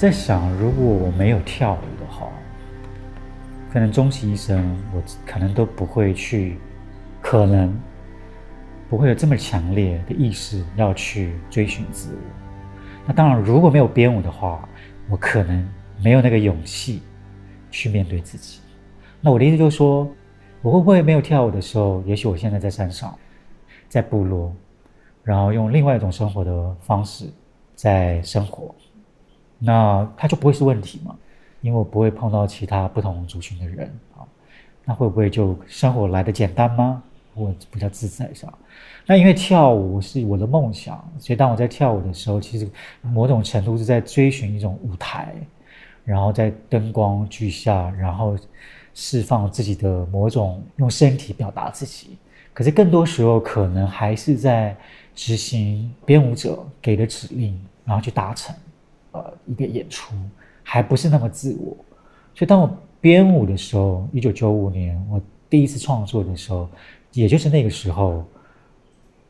在想，如果我沒有跳舞的話，可能終其一生，我可能都不會去，可能不會有這麼強烈的意識要去追尋自我。那當然，如果沒有編舞的話，我可能沒有那個勇氣去面對自己。那我的意思就是說，我會不會沒有跳舞的時候，也許我現在在山上，在部落，然後用另外一種生活的方式在生活？那他就不會是問題嘛？因為我不會碰到其他不同族群的人啊，那會不會就生活來得簡單嗎？我比較自在上。那因為跳舞是我的夢想，所以當我在跳舞的時候，其實某種程度是在追尋一種舞台，然後在燈光之下，然後釋放自己的某種用身體表達自己。可是更多時候可能還是在執行編舞者給的指令，然後去達成。呃，一個演出還不是那麼自我，所以當我編舞的時候，一九九五年我第一次創作的時候，也就是那個時候，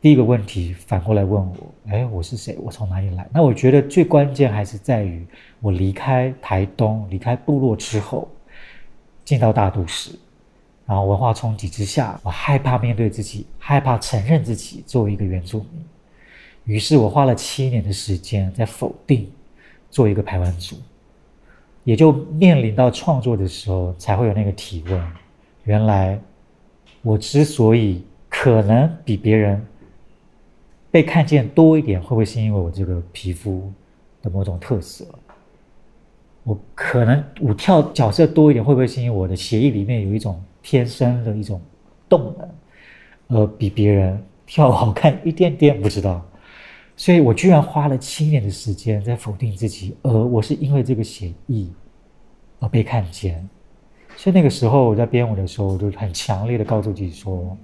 第一個問題反過來問我，哎，我是誰？我從哪裡來？那我覺得最關鍵還是在於我離開台東，離開部落之後，進到大都市，然後文化衝擊之下，我害怕面對自己，害怕承認自己作為一個原住民，於是我花了七年的時間在否定。做一個排灣族，也就面臨到創作的時候，才會有那個體悟。原來，我之所以可能比別人被看見多一點，會不會是因為我這個皮膚的某種特色？我可能我跳角色多一點，會不會是因為我的血液裡面有一種天生的一種動能？呃，比別人跳好看一點點，不知道。所以我居然花了七年的時間在否定自己，而我是因為這個協議而被看見。所以那個時候我在編舞的時候，我就很強烈的告訴自己說，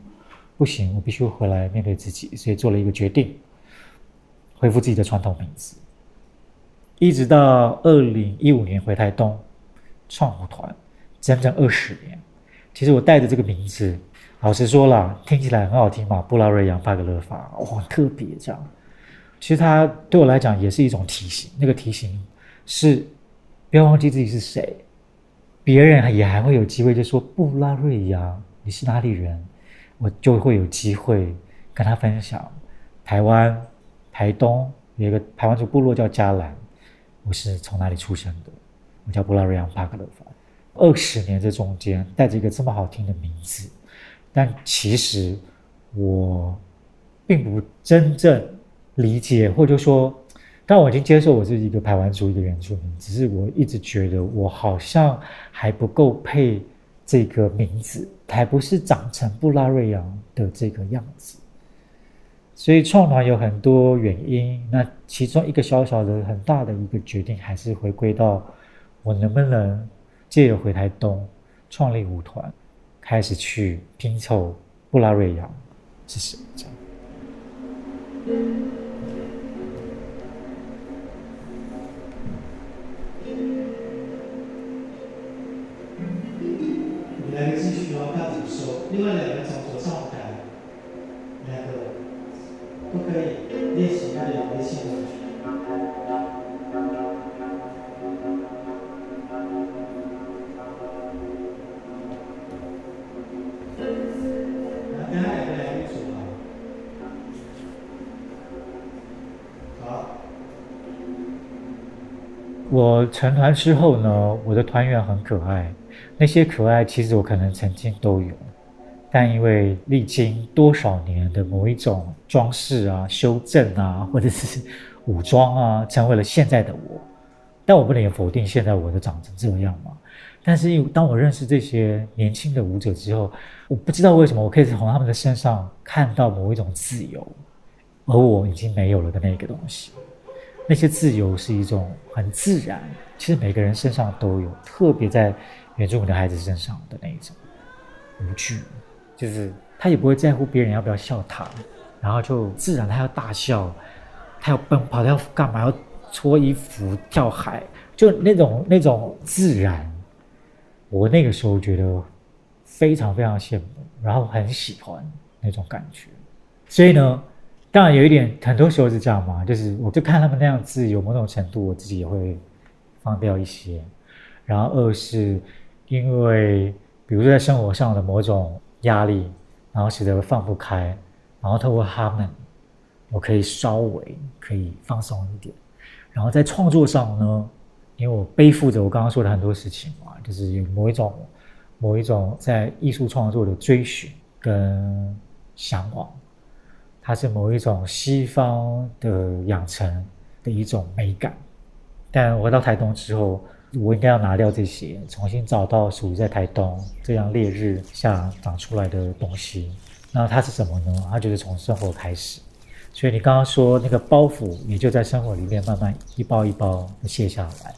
不行，我必須回來面對自己。所以做了一個決定，恢復自己的傳統名字。一直到二零一五年回台東創舞團，整整二十年。其實我帶着這個名字，老實說啦，聽起來很好聽嘛，布拉瑞揚巴格勒法，哇、哦，特別這樣。其實他對我來講也是一種提醒，那個提醒是不要忘記自己是誰。別人也還會有機會，就說布拉瑞揚，你是哪裡人？我就會有機會跟他分享，台灣、台東有一個台灣族部落叫嘉蘭，我是從哪裡出生的。我叫布拉瑞揚帕格勒法。二十年這中間帶着一個這麼好聽的名字，但其實我並不真正。理解，或者說，但我已經接受我是一個排灣族一個原住民，只是我一直覺得我好像還不夠配這個名字，還不是長成布拉瑞揚的這個樣子。所以創團有很多原因，那其中一個小小的很大的一個決定，還是回歸到我能不能借由回台東創立舞團，開始去拼湊布拉瑞揚是誰這樣。另外兩個從左上抬，兩個不可以練習那種危險動個還沒好。我成團之後呢，我的團員很可愛。那些可愛，其實我可能曾經都有。但因為歷經多少年的某一種裝飾啊、修正啊，或者是武裝啊，成為了現在的我。但我不能也否定現在我的長成這樣嘛。但是當我認識這些年輕的舞者之後，我不知道為什麼我可以從他們的身上看到某一種自由，而我已經沒有了的那個東西。那些自由是一種很自然，其實每個人身上都有，特別在原住民的孩子身上的那一種無懼。就是他也不會在乎別人要不要笑他，然後就自然他要大笑，他要奔跑，他要幹嘛？要脫衣服、跳海，就那種那種自然。我那個時候覺得非常非常羨慕，然後很喜歡那種感覺。所以呢，當然有一點，很多時候是這樣嘛，就是我就看他們那樣子，有某種程度我自己也會放掉一些。然後二是因為，比如說在生活上的某種。壓力，然後使得放不開，然後透過他們，我可以稍微可以放鬆一點。然後在創作上呢，因為我背負着我剛剛說的很多事情嘛，就是有某一種、某一種在藝術創作的追尋跟嚮往，它是某一種西方的養成的一種美感。但我回到台東之後。我應該要拿掉這些，重新找到屬於在台東這樣烈日下長出來的東西。那它是什麼呢？它就是從生活開始。所以你剛剛說那個包袱，也就在生活裡面慢慢一包一包的卸下來。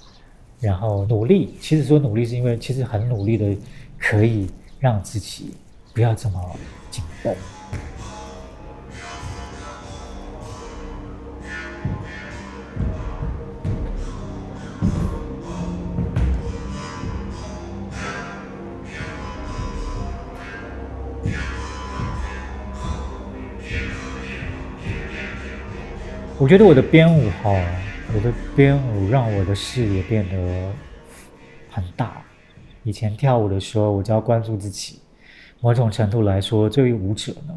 然後努力，其實說努力是因為其實很努力的，可以讓自己不要這麼緊繃。我覺得我的編舞哈，我的編舞讓我的視野變得很大。以前跳舞的時候，我就要關注自己。某種程度來說，作為舞者呢，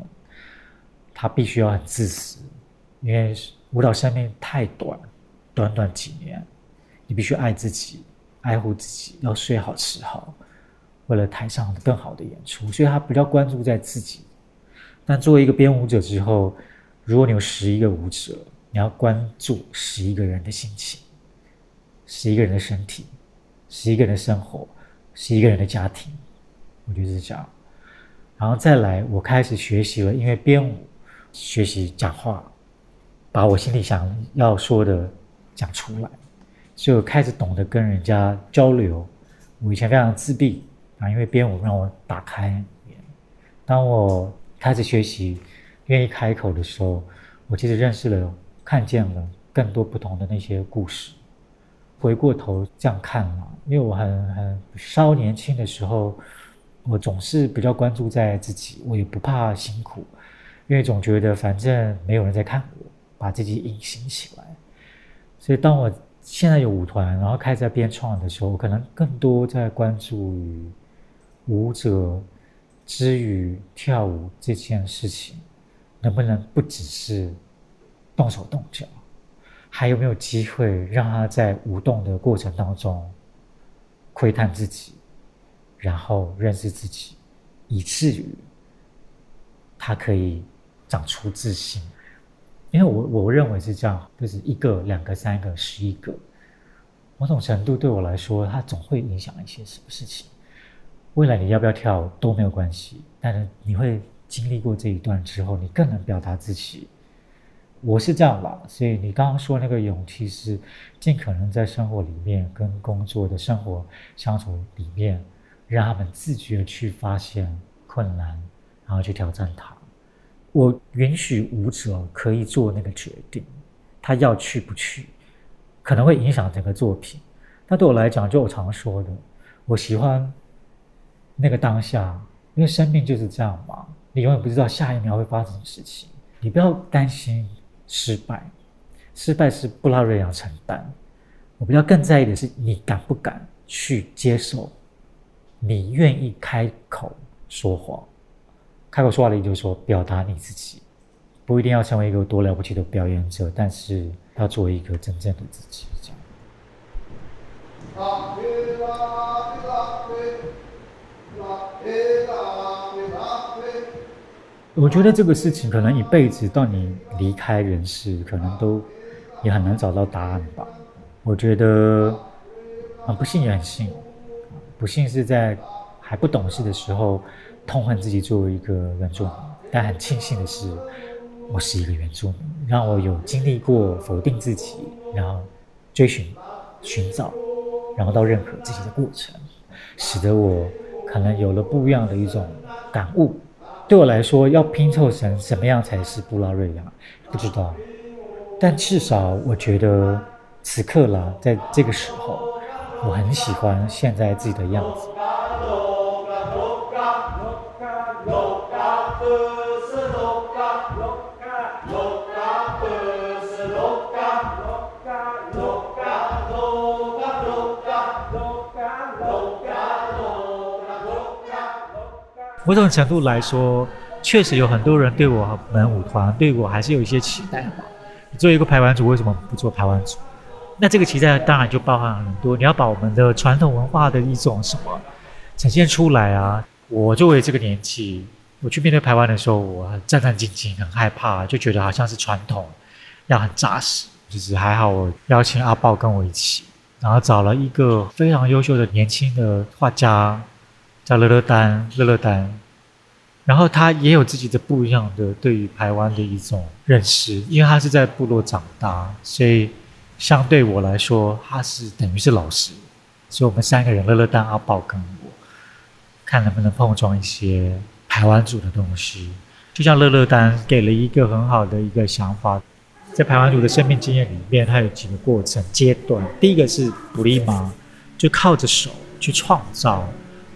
他必須要很自私，因為舞蹈生命太短，短短幾年，你必須愛自己，愛護自己，要睡好吃好，為了台上更好的演出。所以他比較關注在自己。但作為一個編舞者之後，如果你有十一個舞者，你要關注十一個人的心情，十一個人的身體，十一個人的生活，十一個人的家庭。我就是這樣。然後再來，我開始學習了，因為編舞，學習講話，把我心裡想要說的講出來，所以我開始懂得跟人家交流。我以前非常自閉啊，然後因為編舞讓我打開。當我開始學習，願意開口的時候，我其實認識了。看見了更多不同的那些故事，回過頭這樣看嘛、啊，因為我很很稍年輕的時候，我總是比較關注在自己，我也不怕辛苦，因為總覺得反正沒有人在看我，把自己隱形起來。所以當我現在有舞團，然後開始在編創的時候，我可能更多在關注於舞者之於跳舞這件事情，能不能不只是。動手動腳，還有沒有機會讓他在舞動的過程當中，窺探自己，然後認識自己，以至於他可以長出自信？因為我我認為是這樣，就是一個、兩個、三個、十一個，某種程度對我來說，它總會影響一些什麼事情。未來你要不要跳都沒有關係，但是你會經歷過這一段之後，你更能表達自己。我是這樣吧，所以你剛剛說那個勇氣是盡可能在生活裡面跟工作的生活相處裡面，讓他們自覺去發現困難，然後去挑戰它。我允許舞者可以做那個決定，他要去不去，可能會影響整個作品。那對我來講，就我常說的，我喜歡那個當下，因為生命就是這樣嘛，你永遠不知道下一秒會發生什麼事情，你不要擔心。失敗，失敗是布拉瑞要承擔。我比較更在意的是，你敢不敢去接受，你願意開口說話，開口說話的意思就是說，表達你自己，不一定要成為一個多了不起的表演者，但是要做一個真正的自己，這樣。 我覺得這個事情可能一輩子到你離開人世，可能都也很難找到答案吧。我覺得很不幸也很幸，不幸是在還不懂事的時候痛恨自己作為一個原住民，但很慶幸的是，我是一個原住民，讓我有經歷過否定自己，然後追尋、尋找，然後到認可自己的過程，使得我可能有了不一樣的一種感悟。對我來說，要拼湊成什麼樣才是布拉瑞揚，不知道。但至少我覺得，此刻啦，在這個時候，我很喜歡現在自己的樣子。某種程度來說，確實有很多人對我們舞團、對我還是有一些期待的。作為一個排灣族，為什麼不做排灣族？那這個期待當然就包含很多，你要把我們的傳統文化的一種什麼呈現出來啊！我作為這個年紀，我去面對排灣的時候，我很戰戰兢兢、很害怕，就覺得好像是傳統要很扎實。就是還好，我邀請阿豹跟我一起，然後找了一個非常優秀的年輕的畫家，叫樂樂丹，樂樂丹，然後他也有自己的不一樣的對於排灣的一種認識，因為他是在部落長大，所以相對我來說，他是等於是老師。所以我們三個人，樂樂丹、阿寶跟我，看能不能碰撞一些排灣族的東西。就像樂樂丹給了一個很好的一個想法，在排灣族的生命經驗裡面，它有幾個過程階段。第一個是 Pulima，就靠着手去創造。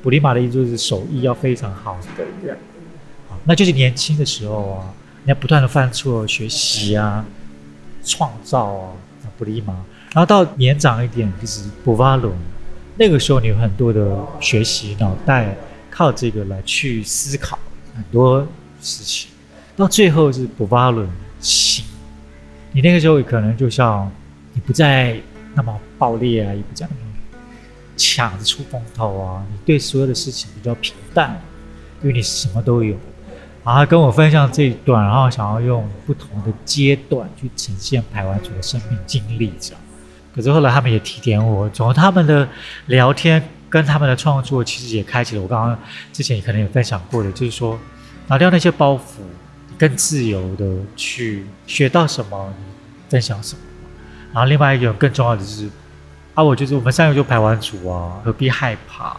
普利馬的意思就是手藝要非常好的人，啊，那就是年輕的時候啊，你要不斷的犯錯、學習啊、創造啊，普利馬。然後到年長一點就是布瓦倫，那個時候你有很多的學習腦袋，靠這個來去思考很多事情。到最後是布瓦倫心，你那個時候可能就像你不再那麼暴烈啊，也不再那麼。搶着出風頭啊！你對所有的事情比較平淡，因為你什麼都有。然後跟我分享這一段，然後想要用不同的階段去呈現排灣族的生命經歷，知道？可是後來他們也提點我，從他們的聊天跟他們的創作，其實也開啟了我剛剛之前也可能有分享過的，就是說拿掉那些包袱，更自由的去學到什麼，你分享什麼。然後另外一個更重要的就是。啊，我就是我們三個就排完組啊，何必害怕？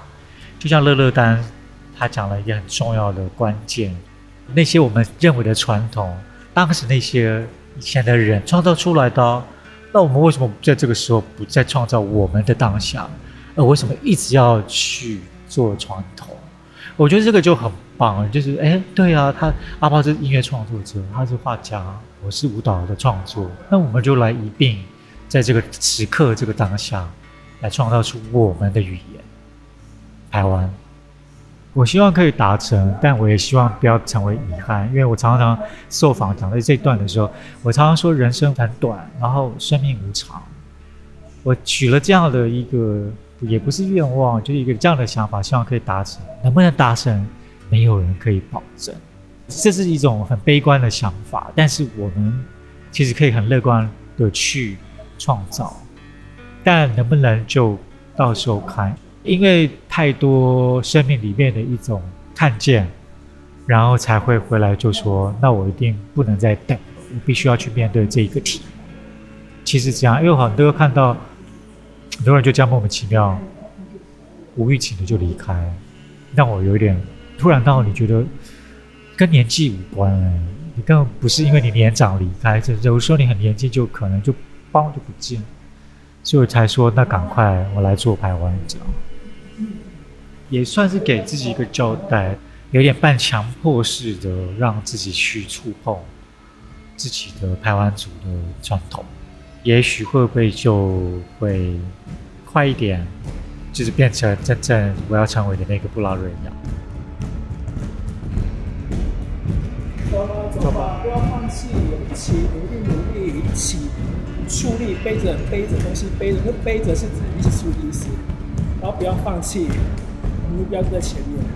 就像樂樂丹他講了一個很重要的關鍵，那些我們認為的傳統，當時那些以前的人創造出來的、啊，那我們為什麼在這個時候不再創造我們的當下？呃，為什麼一直要去做傳統？我覺得這個就很棒，就是哎，對啊，他阿爆是音樂創作者，他是畫家，我是舞蹈的創作，那我們就來一併。在這個時刻、這個當下，來創造出我們的語言，台灣。我希望可以達成，但我也希望不要成為遺憾，因為我常常受訪，講到這一段的時候，我常常說人生很短，然後生命無常。我許了這樣的一個，也不是願望，就是一個這樣的想法，希望可以達成。能不能達成，沒有人可以保證。這是一種很悲觀的想法，但是我們其實可以很樂觀的去。創造，但能不能就到時候開？因為太多生命裡面的一種看見，然後才會回來，就說：“那我一定不能再等，我必須要去面對這一個題。”其實這樣，因為很多人看到，很多人就這樣莫名其妙、無預警的就離開，讓我有一點突然到，你覺得跟年紀無關，你根本不是因為你年長離開，就是有時候你很年輕就可能就光就不見，所以我才說，那趕快我來做排灣族，嗯、也算是給自己一個交代，有點半強迫式的讓自己去觸碰自己的排灣族的傳統，也許會不會就會快一點，就是變成真正我要成為的那個布拉瑞揚呀。走走吧，不要放棄，一起一起。樹立，背着背着東西背着，因為背着是指藝術的意思，然後不要放棄，目標就在前面。